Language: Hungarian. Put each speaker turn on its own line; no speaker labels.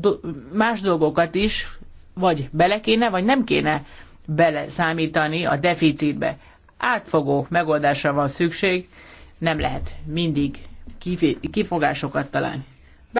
do- más dolgokat is vagy bele kéne, vagy nem kéne bele számítani a deficitbe. Átfogó megoldásra van szükség, nem lehet mindig kifogásokat találni.